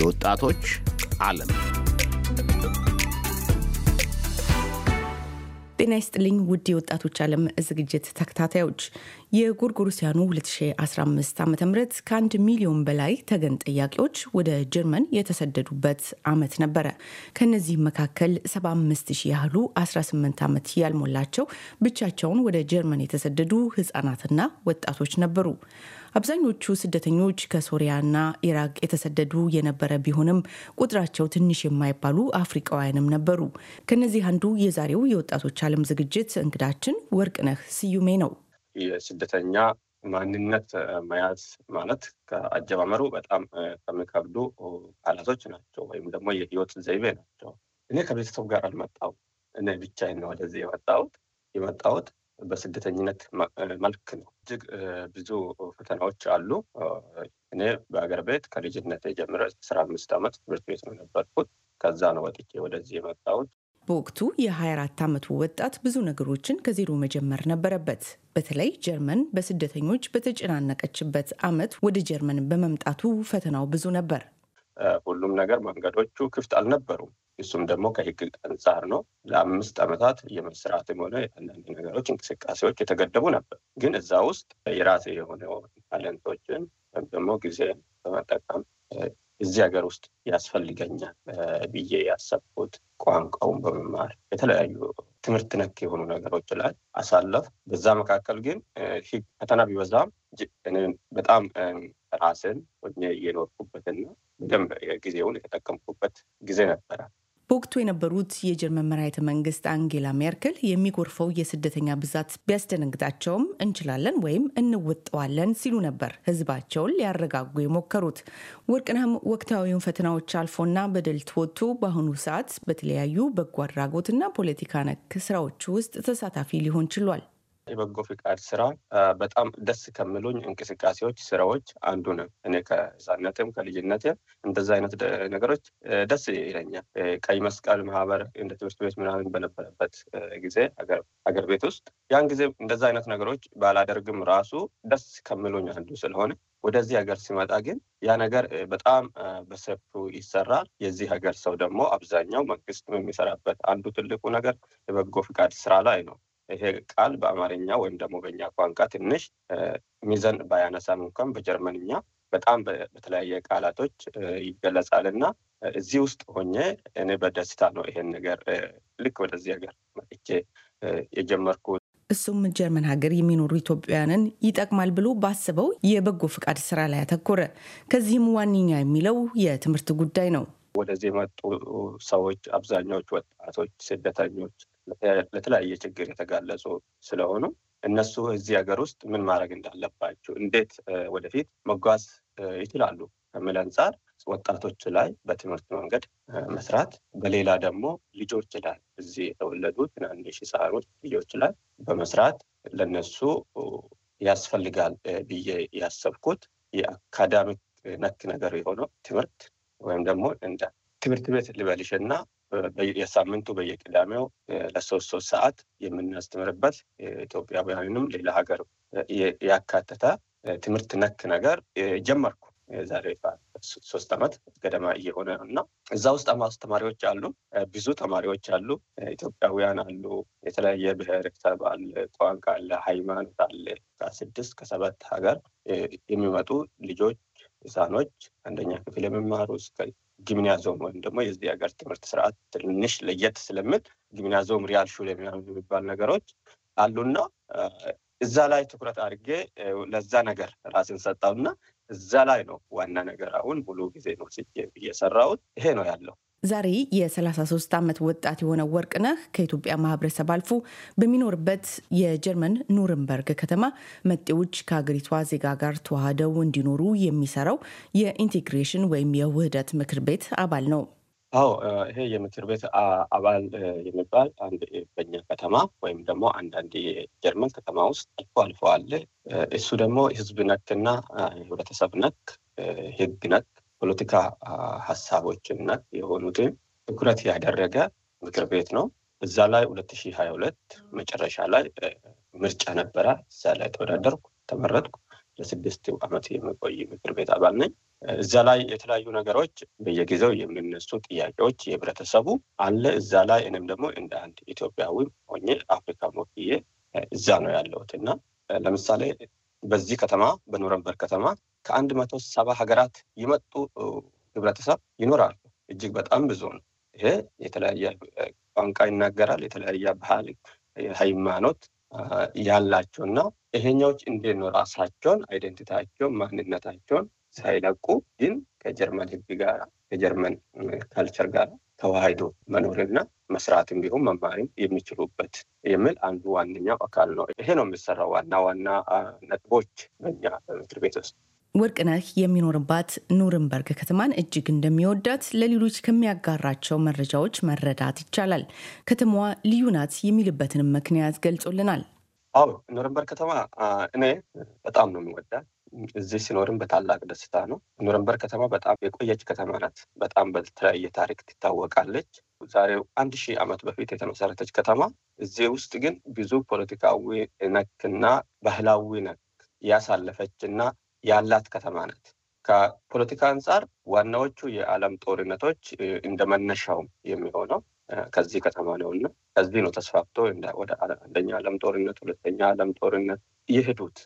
የወጣቶች ዓለም ጤና ይስጥልኝ ውድ የወጣቶች ዓለም ዝግጅት ተከታታዮች የጎርጎሮሲያኑ 2015 ዓ ም ከአንድ ሚሊዮን በላይ ተገን ጠያቂዎች ወደ ጀርመን የተሰደዱበት ዓመት ነበረ። ከነዚህም መካከል 75 ሺህ ያህሉ 18 ዓመት ያልሞላቸው ብቻቸውን ወደ ጀርመን የተሰደዱ ህጻናትና ወጣቶች ነበሩ። አብዛኞቹ ስደተኞች ከሶሪያና ኢራቅ የተሰደዱ የነበረ ቢሆንም ቁጥራቸው ትንሽ የማይባሉ አፍሪቃውያንም ነበሩ። ከነዚህ አንዱ የዛሬው የወጣቶች ዓለም ዝግጅት እንግዳችን ወርቅነህ ስዩሜ ነው። የስደተኛ ማንነት መያዝ ማለት ከአጀማመሩ በጣም ከሚከብዱ ቃላቶች ናቸው፣ ወይም ደግሞ የህይወት ዘይቤ ናቸው። እኔ ከቤተሰብ ጋር አልመጣው እኔ ብቻዬን ነው ወደዚህ የመጣሁት። የመጣሁት በስደተኝነት መልክ ነው። እጅግ ብዙ ፈተናዎች አሉ። እኔ በሀገር ቤት ከልጅነት የጀምረ አስራ አምስት ዓመት ትምህርት ቤት ነው የነበርኩት ከዛ ነው ወጥቼ ወደዚህ የመጣሁት። በወቅቱ የ24 ዓመቱ ወጣት ብዙ ነገሮችን ከዜሮ መጀመር ነበረበት። በተለይ ጀርመን በስደተኞች በተጨናነቀችበት ዓመት ወደ ጀርመን በመምጣቱ ፈተናው ብዙ ነበር። ሁሉም ነገር መንገዶቹ ክፍት አልነበሩም። እሱም ደግሞ ከህግ አንጻር ነው። ለአምስት ዓመታት የመስራትም ሆነ አንዳንድ ነገሮች እንቅስቃሴዎች የተገደቡ ነበር። ግን እዛ ውስጥ የራሴ የሆነ ታለንቶችን ወይም ደግሞ ጊዜ በመጠቀም እዚህ ሀገር ውስጥ ያስፈልገኛል ብዬ ያሰብኩት ቋንቋውን በመማር የተለያዩ ትምህርት ነክ የሆኑ ነገሮች ላይ አሳለፍ። በዛ መካከል ግን ፈተና ቢበዛም በጣም ራስን እየኖርኩበትና በደንብ ጊዜውን የተጠቀምኩበት ጊዜ ነበረ። በወቅቱ የነበሩት የጀርመን መራሄተ መንግስት አንጌላ ሜርክል የሚጎርፈው የስደተኛ ብዛት ቢያስደነግጣቸውም እንችላለን ወይም እንወጠዋለን ሲሉ ነበር ህዝባቸውን ሊያረጋጉ የሞከሩት። ወርቅነህም ወቅታዊውን ፈተናዎች አልፎና በድል ተወጥቶ በአሁኑ ሰዓት በተለያዩ በጎ አድራጎትና ፖለቲካ ነክ ስራዎች ውስጥ ተሳታፊ ሊሆን ችሏል። የበጎ ፍቃድ ስራ በጣም ደስ ከምሉኝ እንቅስቃሴዎች፣ ስራዎች አንዱ ነው። እኔ ከህፃነትም ከልጅነት እንደዛ አይነት ነገሮች ደስ ይለኛል። ቀይ መስቀል ማህበር እንደ ትምህርት ቤት ምናምን በነበረበት ጊዜ ሀገር ቤት ውስጥ ያን ጊዜ እንደዛ አይነት ነገሮች ባላደርግም ራሱ ደስ ከምሉኝ አንዱ ስለሆነ ወደዚህ ሀገር ሲመጣ ግን ያ ነገር በጣም በሰፊው ይሰራል። የዚህ ሀገር ሰው ደግሞ አብዛኛው መንግስት የሚሰራበት አንዱ ትልቁ ነገር የበጎ ፍቃድ ስራ ላይ ነው። ይሄ ቃል በአማርኛ ወይም ደግሞ በእኛ ቋንቋ ትንሽ ሚዘን ባያነሳም እንኳን በጀርመንኛ በጣም በተለያየ ቃላቶች ይገለጻል እና እዚህ ውስጥ ሆኜ እኔ በደስታ ነው ይሄን ነገር ልክ ወደዚህ ሀገር መጥቼ የጀመርኩት። እሱም ጀርመን ሀገር የሚኖሩ ኢትዮጵያውያንን ይጠቅማል ብሎ ባስበው የበጎ ፍቃድ ስራ ላይ አተኮረ። ከዚህም ዋነኛ የሚለው የትምህርት ጉዳይ ነው። ወደዚህ የመጡ ሰዎች አብዛኛዎች ወጣቶች፣ ስደተኞች ለተለያየ ችግር የተጋለጹ ስለሆኑ እነሱ እዚህ ሀገር ውስጥ ምን ማድረግ እንዳለባቸው እንዴት ወደፊት መጓዝ ይችላሉ ከሚል አንጻር ወጣቶች ላይ በትምህርት መንገድ መስራት፣ በሌላ ደግሞ ልጆች ላይ እዚህ የተወለዱ ትናንሽ ሕፃኖች ልጆች ላይ በመስራት ለነሱ ያስፈልጋል ብዬ ያሰብኩት የአካዳሚክ ነክ ነገር የሆነው ትምህርት ወይም ደግሞ እንደ ትምህርት ቤት ልበልሽ እና የሳምንቱ በየቅዳሜው ለሶስት ሶስት ሰዓት የምናስተምርበት ኢትዮጵያውያንንም ሌላ ሀገር ያካተተ ትምህርት ነክ ነገር ጀመርኩ። የዛሬ ሶስት ዓመት ገደማ እየሆነ እና እዛ ውስጥ አስተማሪዎች አሉ፣ ብዙ ተማሪዎች አሉ፣ ኢትዮጵያውያን አሉ፣ የተለያየ ብሔረሰብ አለ፣ ቋንቋ አለ፣ ሃይማኖት አለ። ከስድስት ከሰባት ሀገር የሚመጡ ልጆች ህፃኖች አንደኛ ክፍል የሚማሩ እስከ ጊምናዞም ወይም ደግሞ የዚህ ሀገር ትምህርት ስርዓት ትንሽ ለየት ስለምል ጊምናዞም ሪያል ሹል የሚባል ነገሮች አሉና እዛ ላይ ትኩረት አድርጌ ለዛ ነገር ራስን ሰጣውና እዛ ላይ ነው ዋና ነገር አሁን ሙሉ ጊዜ ነው እየሰራውት ይሄ ነው ያለው። ዛሬ የ33 ዓመት ወጣት የሆነው ወርቅነህ ከኢትዮጵያ ማህበረሰብ አልፎ በሚኖርበት የጀርመን ኑርንበርግ ከተማ መጤዎች ከሀገሪቷ ዜጋ ጋር ተዋህደው እንዲኖሩ የሚሰራው የኢንቴግሬሽን ወይም የውህደት ምክር ቤት አባል ነው። አዎ ይሄ የምክር ቤት አባል የሚባል አንድ በኛ ከተማ ወይም ደግሞ አንዳንድ የጀርመን ከተማ ውስጥ አልፎ አልፎ አለ። እሱ ደግሞ ህዝብ ነክና ህብረተሰብ ነክ ህግ ነክ ፖለቲካ ሀሳቦችና የሆኑትን ትኩረት ያደረገ ምክር ቤት ነው። እዛ ላይ ሁለት ሺህ ሀያ ሁለት መጨረሻ ላይ ምርጫ ነበረ። እዛ ላይ ተወዳደርኩ፣ ተመረጥኩ። ለስድስት ዓመት የምቆይ ምክር ቤት አባል ነኝ። እዛ ላይ የተለያዩ ነገሮች በየጊዜው የሚነሱ ጥያቄዎች የህብረተሰቡ አለ። እዛ ላይ እኔም ደግሞ እንደ አንድ ኢትዮጵያዊ ሆኜ አፍሪካ ሞክዬ እዛ ነው ያለሁት እና ለምሳሌ በዚህ ከተማ በኑረንበር ከተማ ከአንድ መቶ ሰባ ሀገራት የመጡ ህብረተሰብ ይኖራሉ። እጅግ በጣም ብዙ ነው። ይሄ የተለያየ ቋንቋ ይናገራል፣ የተለያየ ባህል፣ ሃይማኖት ያላቸው እና ይሄኛዎች እንዴት ነው ራሳቸውን አይደንቲታቸውን ማንነታቸውን ሳይለቁ ግን ከጀርመን ህግ ጋር ከጀርመን ካልቸር ጋር ተዋህዶ መኖርና መስራትም ቢሆን መማሪም የሚችሉበት የሚል አንዱ ዋነኛው አካል ነው። ይሄ ነው የሚሰራው ዋና ዋና ነጥቦች በኛ ምክር ቤት ውስጥ ወርቅነህ የሚኖርባት ኑርንበርግ ከተማን እጅግ እንደሚወዳት ለሌሎች ከሚያጋራቸው መረጃዎች መረዳት ይቻላል። ከተማዋ ልዩ ናት የሚልበትንም ምክንያት ገልጾልናል። አዎ ኑርንበርግ ከተማ እኔ በጣም ነው የሚወዳት። እዚህ ሲኖርም በታላቅ ደስታ ነው። ኑርንበርግ ከተማ በጣም የቆየች ከተማ ናት። በጣም በተለያየ ታሪክ ትታወቃለች። ዛሬው አንድ ሺህ ዓመት በፊት የተመሰረተች ከተማ፣ እዚህ ውስጥ ግን ብዙ ፖለቲካዊ ነክና ባህላዊ ነክ ያሳለፈች እና ያላት ከተማ ናት። ከፖለቲካ አንጻር ዋናዎቹ የዓለም ጦርነቶች እንደ መነሻውም የሚሆነው ከዚህ ከተማ ነው እና ከዚህ ነው ተስፋፍቶ ወደ አንደኛ ዓለም ጦርነት፣ ሁለተኛ ዓለም ጦርነት የሄዱት።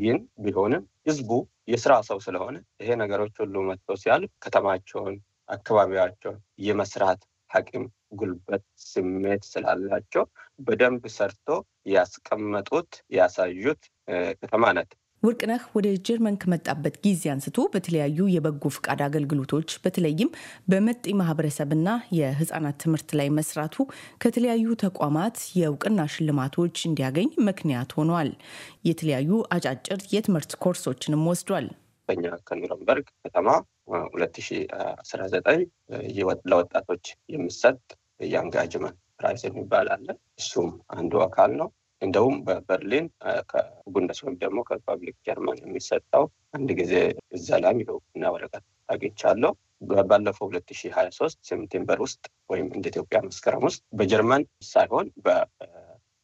ግን ቢሆንም ህዝቡ የስራ ሰው ስለሆነ ይሄ ነገሮች ሁሉ መጥቶ ሲያልፍ ከተማቸውን፣ አካባቢያቸውን የመስራት አቅም፣ ጉልበት፣ ስሜት ስላላቸው በደንብ ሰርቶ ያስቀመጡት ያሳዩት ከተማ ናት። ወርቅነህ ወደ ጀርመን ከመጣበት ጊዜ አንስቶ በተለያዩ የበጎ ፍቃድ አገልግሎቶች በተለይም በመጤ ማህበረሰብና የህጻናት ትምህርት ላይ መስራቱ ከተለያዩ ተቋማት የእውቅና ሽልማቶች እንዲያገኝ ምክንያት ሆኗል። የተለያዩ አጫጭር የትምህርት ኮርሶችንም ወስዷል። በኛ ከኑረንበርግ ከተማ 2019 ለወጣቶች የምሰጥ የአንጋጅመን ፕራይስ የሚባል አለ። እሱም አንዱ አካል ነው። እንደውም በበርሊን ከቡንደስ ወይም ደግሞ ከሪፐብሊክ ጀርመን የሚሰጠው አንድ ጊዜ እዛ ላይ ይኸውና ወረቀት አግኝቻለሁ። ባለፈው ሁለት ሺ ሀያ ሶስት ሴፕቴምበር ውስጥ ወይም እንደ ኢትዮጵያ መስከረም ውስጥ በጀርመን ሳይሆን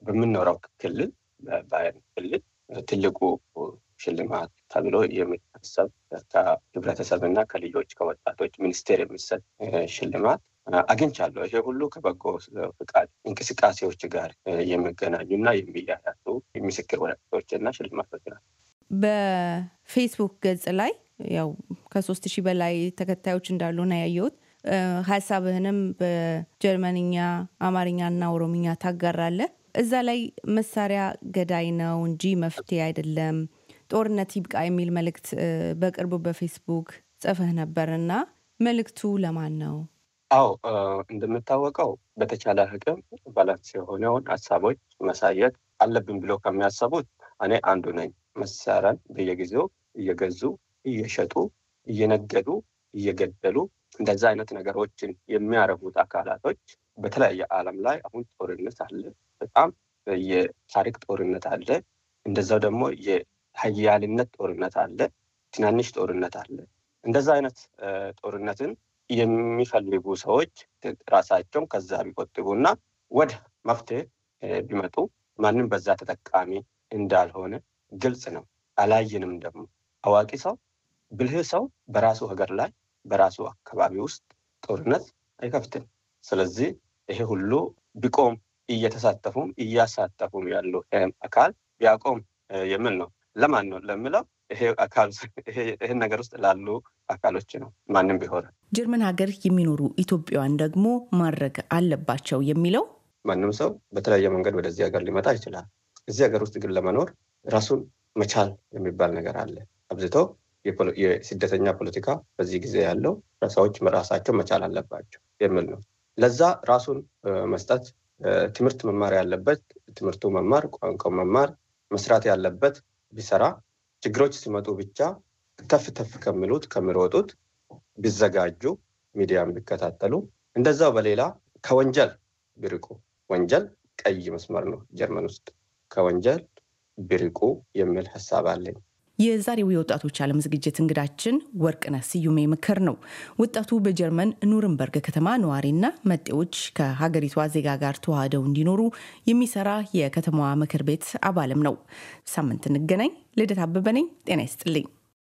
በምንኖረው ክልል በባየር ክልል ትልቁ ሽልማት ተብሎ የሚታሰብ ከህብረተሰብና ከልጆች ከወጣቶች ሚኒስቴር የሚሰጥ ሽልማት አግኝቻለሁ። ይሄ ሁሉ ከበጎ ፍቃድ እንቅስቃሴዎች ጋር የሚገናኙ እና የሚያያዙ ምስክር ወረቀቶች እና ሽልማቶች ናቸው። በፌስቡክ ገጽ ላይ ያው ከሶስት ሺህ በላይ ተከታዮች እንዳሉ ነው ያየሁት። ሀሳብህንም በጀርመንኛ አማርኛና ኦሮምኛ ታጋራለህ። እዛ ላይ መሳሪያ ገዳይ ነው እንጂ መፍትሄ አይደለም፣ ጦርነት ይብቃ የሚል መልእክት በቅርቡ በፌስቡክ ጽፈህ ነበር እና መልእክቱ ለማን ነው? አው እንደምታወቀው በተቻለ አቅም ባላንስ የሆነውን ሀሳቦች መሳየት አለብን ብለው ከሚያሰቡት እኔ አንዱ ነኝ። መሳሪያን በየጊዜው እየገዙ እየሸጡ እየነገዱ እየገደሉ እንደዚ አይነት ነገሮችን የሚያረጉት አካላቶች በተለያየ ዓለም ላይ አሁን ጦርነት አለ። በጣም የታሪክ ጦርነት አለ። እንደዛው ደግሞ የሀያልነት ጦርነት አለ። ትናንሽ ጦርነት አለ። እንደዛ አይነት ጦርነትን የሚፈልጉ ሰዎች ራሳቸውን ከዛ እና ወደ መፍትሄ ቢመጡ ማንም በዛ ተጠቃሚ እንዳልሆነ ግልጽ ነው። አላየንም ደግሞ አዋቂ ሰው ብልህ ሰው በራሱ ሀገር ላይ በራሱ አካባቢ ውስጥ ጦርነት አይከፍትም። ስለዚህ ይሄ ሁሉ ቢቆም እየተሳተፉም እያሳተፉም ያሉ አካል ቢያቆም የሚል ነው። ለማን ነው ለምለው ይሄ አካል ይህን ነገር ውስጥ ላሉ አካሎች ነው ማንም ቢሆን። ጀርመን ሀገር የሚኖሩ ኢትዮጵያውያን ደግሞ ማድረግ አለባቸው የሚለው ማንም ሰው በተለያየ መንገድ ወደዚህ ሀገር ሊመጣ ይችላል። እዚህ ሀገር ውስጥ ግን ለመኖር ራሱን መቻል የሚባል ነገር አለ። አብዝቶ የስደተኛ ፖለቲካ በዚህ ጊዜ ያለው ሰዎች ራሳቸው መቻል አለባቸው የሚል ነው። ለዛ ራሱን መስጠት ትምህርት መማር ያለበት ትምህርቱ መማር፣ ቋንቋው መማር፣ መስራት ያለበት ቢሰራ ችግሮች ሲመጡ ብቻ ተፍ ተፍ ከሚሉት ከሚሮጡት ቢዘጋጁ፣ ሚዲያም ቢከታተሉ፣ እንደዛው በሌላ ከወንጀል ቢርቁ። ወንጀል ቀይ መስመር ነው ጀርመን ውስጥ ከወንጀል ቢርቁ የሚል ሀሳብ አለኝ። የዛሬው የወጣቶች ዓለም ዝግጅት እንግዳችን ወርቅነህ ስዩሜ ምክር ነው። ወጣቱ በጀርመን ኑርንበርግ ከተማ ነዋሪና መጤዎች ከሀገሪቷ ዜጋ ጋር ተዋህደው እንዲኖሩ የሚሰራ የከተማዋ ምክር ቤት አባልም ነው። ሳምንት እንገናኝ። ልደት አበበ ነኝ። ጤና ይስጥልኝ።